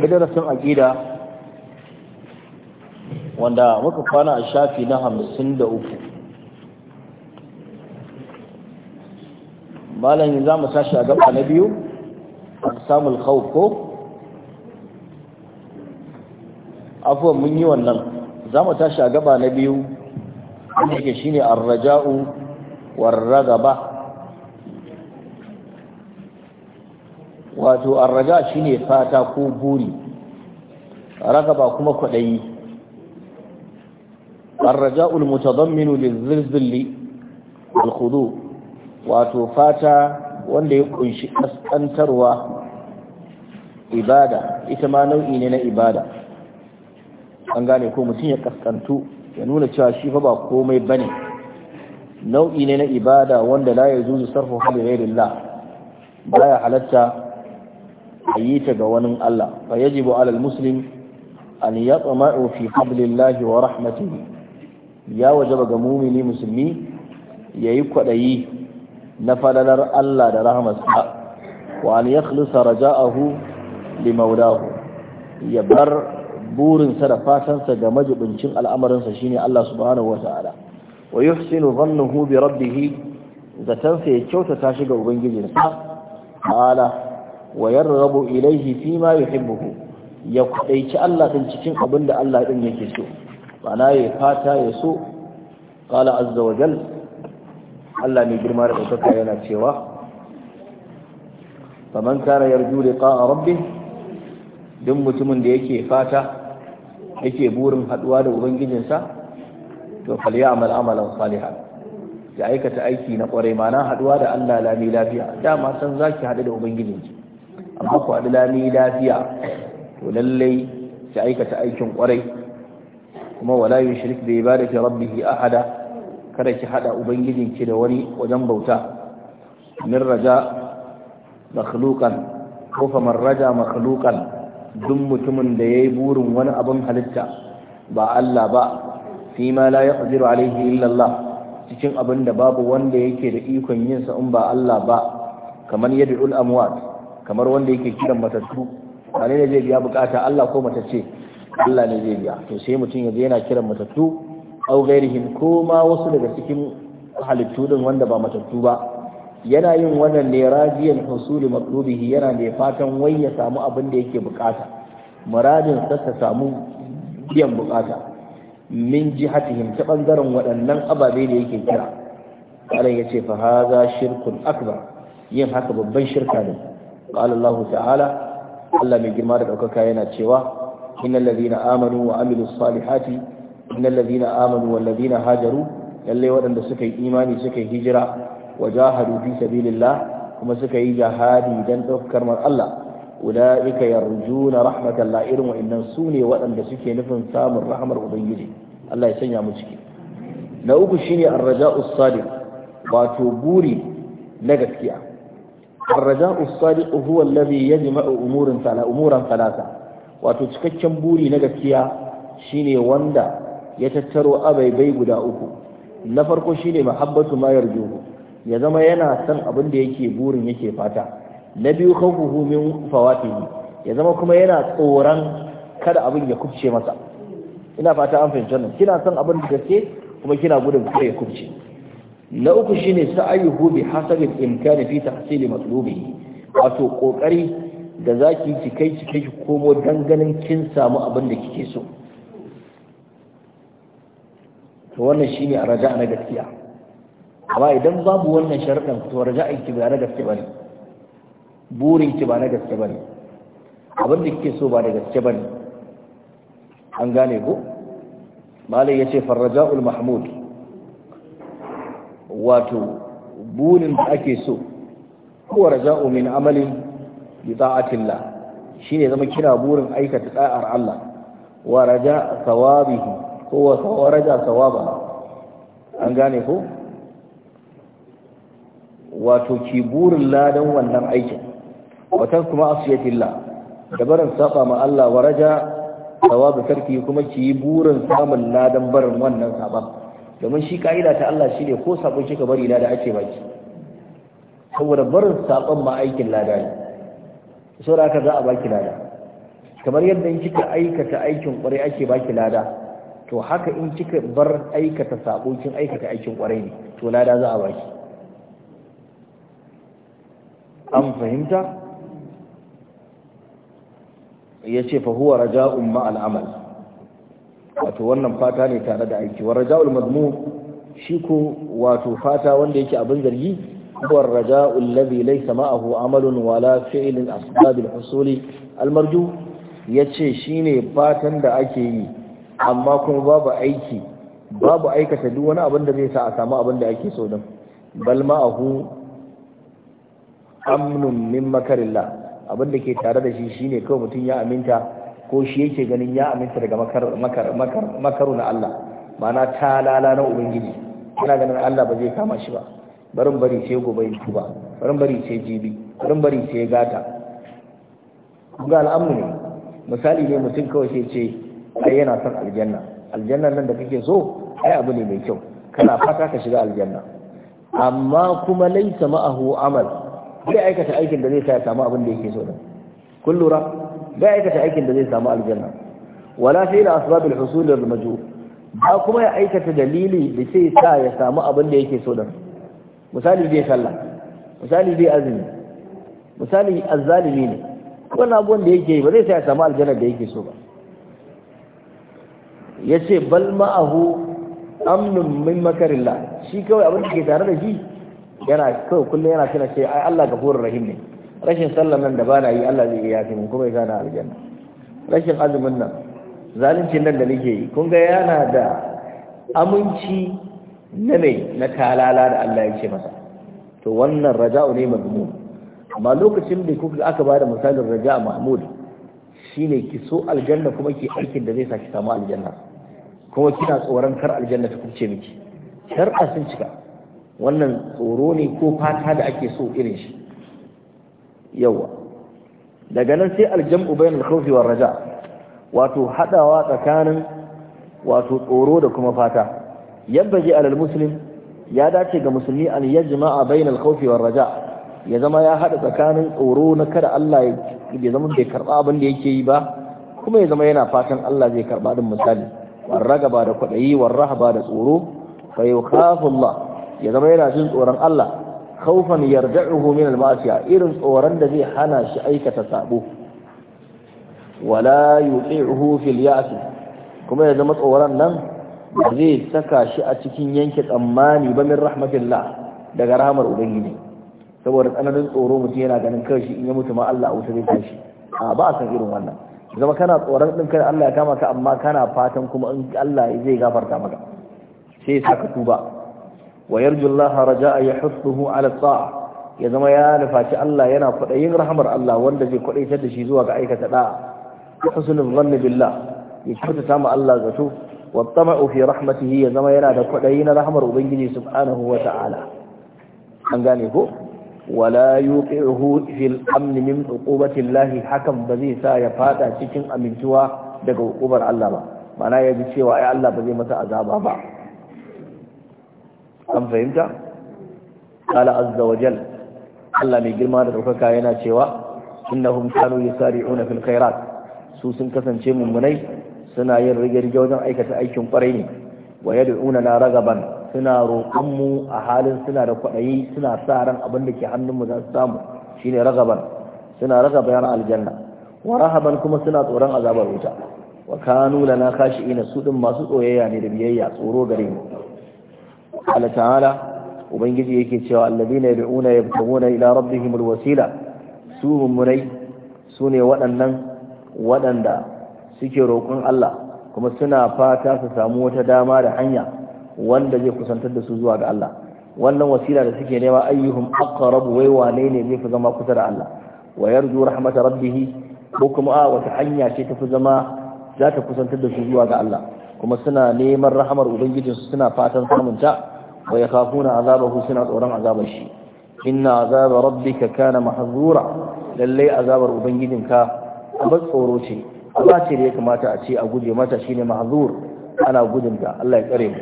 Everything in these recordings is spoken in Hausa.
da darasin aqida wanda muka kwana a shafi na hamsin da uku malam za mu tashi a gaba na biyu samul khawf ko Afuwa mun yi wannan za mu tashi a gaba na biyu wanda yake shine war-ragaba wato arraja shine fata ko buri ragaba kuma kwaɗayi arraja ulmutadamminu lizzilzilli alkhudu wato fata wanda ya kunshi kaskantarwa ibada ita ma nau'i ne na ibada an gane ko mutum ya kaskantu ya nuna cewa shi fa ba komai bane nau'i ne na ibada wanda la yajuzu sarfu hali ghairillah baya halatta a yi ta ga wani Allah fa yajibu alal muslim an yatma'u fi hablillahi wa rahmatihi ya wajaba ga mumini musulmi yayi kwaɗayi. na falalar Allah da rahmatsa wa an yakhlisa raja'ahu li ya bar burinsa da fatansa ga majibincin al'amarinsa shine Allah subhanahu wa ta'ala wa yuhsinu dhannuhu bi rabbihi zatansa ya kyautata shi ga ubangijinsa ta'ala wa yarghabu ilayhi fima yuhibbu ya kudaici Allah din cikin abin da Allah din yake so Bana ya fata ya so qala azza wa jal Allah mai girma da ɗaukaka yana cewa faman kana yarju liqa'a rabbih duk mutumin da yake fata yake burin haduwa da ubangijinsa to falyamal amalan salihan ya aikata aiki na kwarai mana haduwa da Allah lami lafiya dama san zaki hadu da ubangijinki ba ku lami lafiya to lallai ki aikata aikin kwarai kuma wala da bi ibadati a ahada kada ki hada ubangijinki da wani wajen bauta min raja makhluqan ko fa man raja makhluqan duk mutumin da yayi burin wani abin halitta ba Allah ba fi ma la yaqdiru alayhi illa Allah cikin abin da babu wanda yake da ikon yin sa in ba Allah ba kamar yad'ul amwat kamar wanda yake kiran matattu wane ne zai biya bukata Allah ko matacce Allah ne zai biya to sai mutum ya yana kiran matattu au gairihin ko ma wasu daga cikin halittu din wanda ba matattu ba yana yin wannan ne rajiyan husuli maqlubihi yana ne fatan wai ya samu abin da yake bukata muradin sa ta samu biyan bukata min jihatihim ta bangaren waɗannan ababe da yake kira Allah ya ce fa haza shirkun akbar yin haka babban shirka ne قال الله تعالى Allah mai girma da ɗaukaka yana cewa innal ladina amanu wa amilus salihati innal ladina amanu wal ladina hajaru lallai waɗanda suka yi imani suka yi hijira wajahadu jahadu fi sabilillah kuma suka yi jihadi dan ɗaukar mar Allah ulaika yarjuna rahmatan la irin wa'annan sune waɗanda suke nufin samun rahmar ubangiji Allah ya sanya mu ciki na uku shine ar-raja'us wato buri na gaskiya الرجاء الصالح هو الذي يجمع امور على امور ثلاثه cikakken buri na gaskiya shine wanda ya tattaro abai guda uku na farko shine mahabbatu ma yarju ya zama yana san abin da yake burin yake fata na biyu khawfuhu min fawatihi ya zama kuma yana tsoran kada abin ya kufce masa ina fata an fahimta kina san abin da kake kuma kina gudun kai ya kufce na uku shine sa'ayuhu bi hasabi imkan fi tahsili matlubi wato kokari da zaki ki kai ki kai komo danganin kin samu abin da kike so to wannan shine a raja'a na gaskiya amma idan babu wannan sharaɗin to raja'in ki ba na gaske bane burin ki ba na gaske bane abin da kike so ba da gaske bane an gane ko malai yace farraja'ul mahmud wato burin da ake so kowa raja'u min amalin bi ta'atillah shine zama kira burin aikata da'ar Allah wa raja thawabihi kowa wa raja thawaba an gane ko wato ki burin ladan wannan aikin wata kuma asiyatillah da barin saba ma Allah wa raja thawabi sarki kuma ki burin samun ladan barin wannan saban domin shi ka'ida ta Allah shi ne ko saƙon kika bari lada ake baki saboda barin saƙon ma aikin lada ne saboda haka za a baki lada kamar yadda in kika aikata aikin ƙwarai ake baki lada to haka in kika bar aikata saƙo kin aikata aikin ƙwarai ne to lada za a baki an fahimta ya ce fa huwa raja'un ma al'amal wato wannan fata ne tare da aiki war raja'ul madmu shi ko wato fata wanda yake abin zargi war raja'ul ladhi laysa ma'ahu amalun wala fi'lun asbab al-husul al-marju yace shine fatan da ake yi amma kuma babu aiki babu aikata duk wani abin da zai sa a samu abin da ake so din bal ma'ahu amnun min makarillah abin da ke tare da shi shine kawai mutum ya aminta ko shi yake ganin ya aminta daga makaru na Allah mana ta lala na ubangiji yana ganin Allah ba zai kama shi ba barin bari ce gobe in tuba barin bari ce jibi barin bari ce gata ga al'amu ne misali ne mutum kawai sai ce ai yana son aljanna aljanna nan da kake so ai abu ne mai kyau kana fata ka shiga aljanna amma kuma laisa ma'ahu amal sai aikata aikin da zai sa ya samu abin da yake so din kun lura bai aikata aikin da zai samu aljanna wala fi da asbabul husul lil majhul ba kuma ya aikata dalili da sai sa ya samu abin da yake so da misali bai sallah misali bai azumi misali azzalimi ne wannan abubuwan da yake ba zai sa ya samu aljanna da yake so ba yace bal ma'ahu amnun min makarillah shi kawai abin da ke tare da shi yana kawai kullum yana tana ce ai Allah gafurur rahim ne rashin sallar nan da ba na yi Allah zai iya min kuma ya na aljanna rashin azumin nan zalunci nan da nake yi kun ga yana da aminci na mai na talala da Allah ya ce masa to wannan raja'u ne mazmum amma lokacin da kuka aka ba da misalin raja'a mahmud shine ki so aljanna kuma ki aikin da zai sa ki samu aljanna kuma kina tsoron kar aljanna ta kuce miki shar'a sun cika wannan tsoro ne ko fata da ake so irin shi yawa daga nan sai aljam'u bayan alkhawfi war raja wato hadawa tsakanin wato tsoro da kuma fata ji alal muslim ya dace ga musulmi an yajma'a bayan alkhawfi war raja ya zama ya hada tsakanin tsoro na kada Allah ya zama bai karba abin da yake yi ba kuma ya zama yana fatan Allah zai karba din misali warraga ba da kwadayi warraha ba da tsoro fa yukhafu Allah ya zama yana jin tsoron Allah khawfan yarda'uhu min al-ma'siya irin tsoron da zai hana shi aikata sabo wala yuti'uhu fil ya'si kuma ya zama tsoron nan zai saka shi a cikin yanke tsammani ba min rahmatillah daga rahmar ubangiji saboda tsananin tsoro mutum yana ganin kai shi in ya mutu ma Allah a wuta zai tashi a ba a san irin wannan zama kana tsoron din kai Allah ya kama ka amma kana fatan kuma in Allah zai gafarta maka sai ya saka tuba wa yarju Allah raja'a yahuthuhu ala ta'a ya zama ya nufaci Allah yana kwaɗayin rahamar Allah wanda zai kwaɗaitar da shi zuwa ga aikata da'a husnul zanni billah ya kyautata sama Allah zato wa tama'u fi rahmatihi ya zama yana da kwaɗayi na rahamar ubangiji subhanahu wa ta'ala an gane ko wala yuqihu fil min hakan ba zai sa ya fada cikin amintuwa daga hukumar Allah ba mana ya ji cewa ai Allah ba zai masa azaba ba an fahimta qala azza wa jal Allah mai girma da ɗaukaka yana cewa innahum kanu yusari'una fil khairat su sun kasance mumunai suna yin rige-rige wajen aikata aikin kwarai ne wa yad'una na ragaban suna roƙon mu a halin suna da kwaɗayi suna sa ran abin da ke hannun mu za su samu shine ragaban suna raka bayan aljanna wa rahaban kuma suna tsoron azabar wuta wa kanu lana khashi'ina su din masu tsoyayya ne da biyayya tsoro gare mu قال تعالى وبنجي يكي cewa الذين يدعون يبتغون إلى ربهم الوسيلة سوهم مني سوني waɗannan waɗanda suke roƙon Allah kuma suna fata su samu wata dama da hanya wanda zai kusantar da su zuwa ga Allah wannan wasila da suke nema ayyuhum aqrabu wai wane ne zai fi zama kusa da Allah wa yarju rahmat rabbih ko kuma a wata hanya ce ta fi zama za ta kusantar da su zuwa ga Allah kuma suna neman rahamar ubangijinsu suna fatan samun ta wa yakhafuna azabahu suna tsoron azabar shi inna azaba rabbika kana mahzura lalle azabar ubangijinka abin tsoro ce Allah ce da ya kamata a ce a guje mata shine ma'azur. ana gudunta Allah ya tsare mu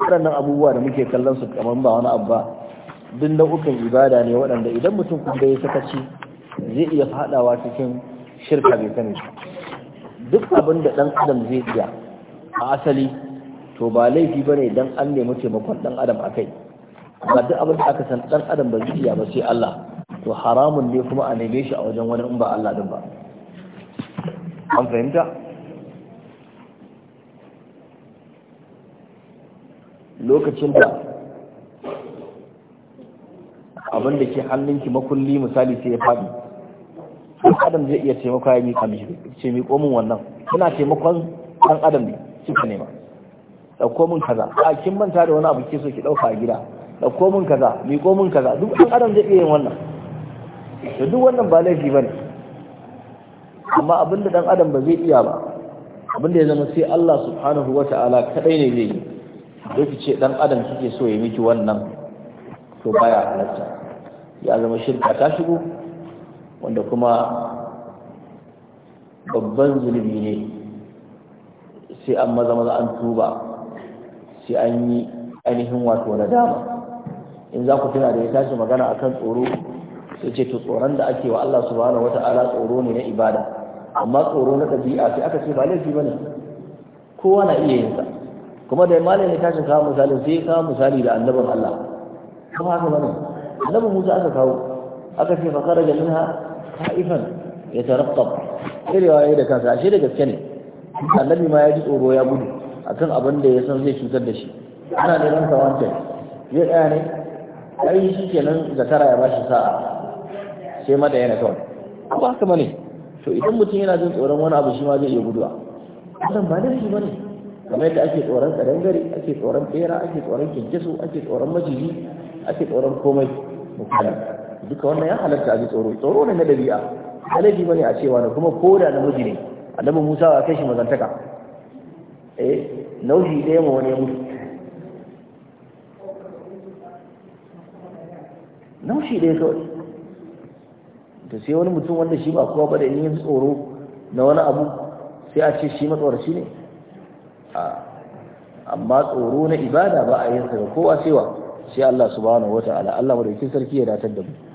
waɗannan abubuwa da muke kallon su kamar ba wani abu ba duk nau'ukan ibada ne waɗanda idan mutum kuma ya sakaci zai iya haɗawa cikin shirka bai sani duk abin da ɗan adam zai iya a asali to ba laifi ba ne don an nemi taimakon ɗan adam a kai ba duk abin da aka san ɗan adam ba zai iya ba sai Allah to haramun ne kuma a neme shi a wajen wani in ba Allah din ba an fahimta lokacin da abin da ke hannunki makulli misali sai ya faɗi Ɗan adam zai iya taimako ya miƙa mishi ce mi komin wannan muna taimakon ɗan adam ne suka nema dauko min kaza a kin manta da wani abu ke so ki dauka a gida dauko min kaza mi komin kaza duk ɗan adam zai iya yin wannan to duk wannan ba laifi ba ne. amma abinda dan adam ba zai iya ba abinda ya zama sai Allah subhanahu wa ta'ala kadai ne zai yi duk ce dan adam kike so ya miki wannan to baya halatta ya zama shirka ta shigo wanda kuma babban zunubi ne sai an maza maza an tuba sai an yi ainihin wato na dama, in za ku tuna da ya tashi magana a kan tsoro sai ce to tsoron da ake wa Allah subhanahu wata'ala tsoro ne na ibada amma tsoro na ɗabi'a sai aka ce ba laifi ba ne, kowa na iya yin sa kuma da malamin ya tashi kawo misali sai ya kawo misali da annabin Allah kuma haka bane annabi Musa aka kawo aka ce fa kharaja minha ta'ifan ya tarattab ya da kansa ashe da gaske ne annabi ma ya ji tsoro ya gudu akan abin da ya san zai cutar da shi ana neman ran wancan ya tsaya ne ai shi kenan zakara ya bashi sa'a sai ma da yana kawai ba haka bane to idan mutum yana jin tsoron wani abu shi ma zai iya guduwa wannan ba shi bane kamar yadda ake tsoron kadangare ake tsoron bera ake tsoron kinkisu ake tsoron maciji ake tsoron komai mutane duka wannan ya halatta a ji tsoro tsoro ne na dabi'a alaji bane a cewa na kuma koda namiji ne annabi Musa ya kai shi mazantaka eh nauyi da ma wani ya mutu naushi da kawai to sai wani mutum wanda shi ba kowa ba da yin tsoro na wani abu sai a ce shi matsoraci ne amma tsoro na ibada ba a yin sa kowa cewa sai Allah subhanahu wata'ala Allah madaukakin sarki ya datar da mu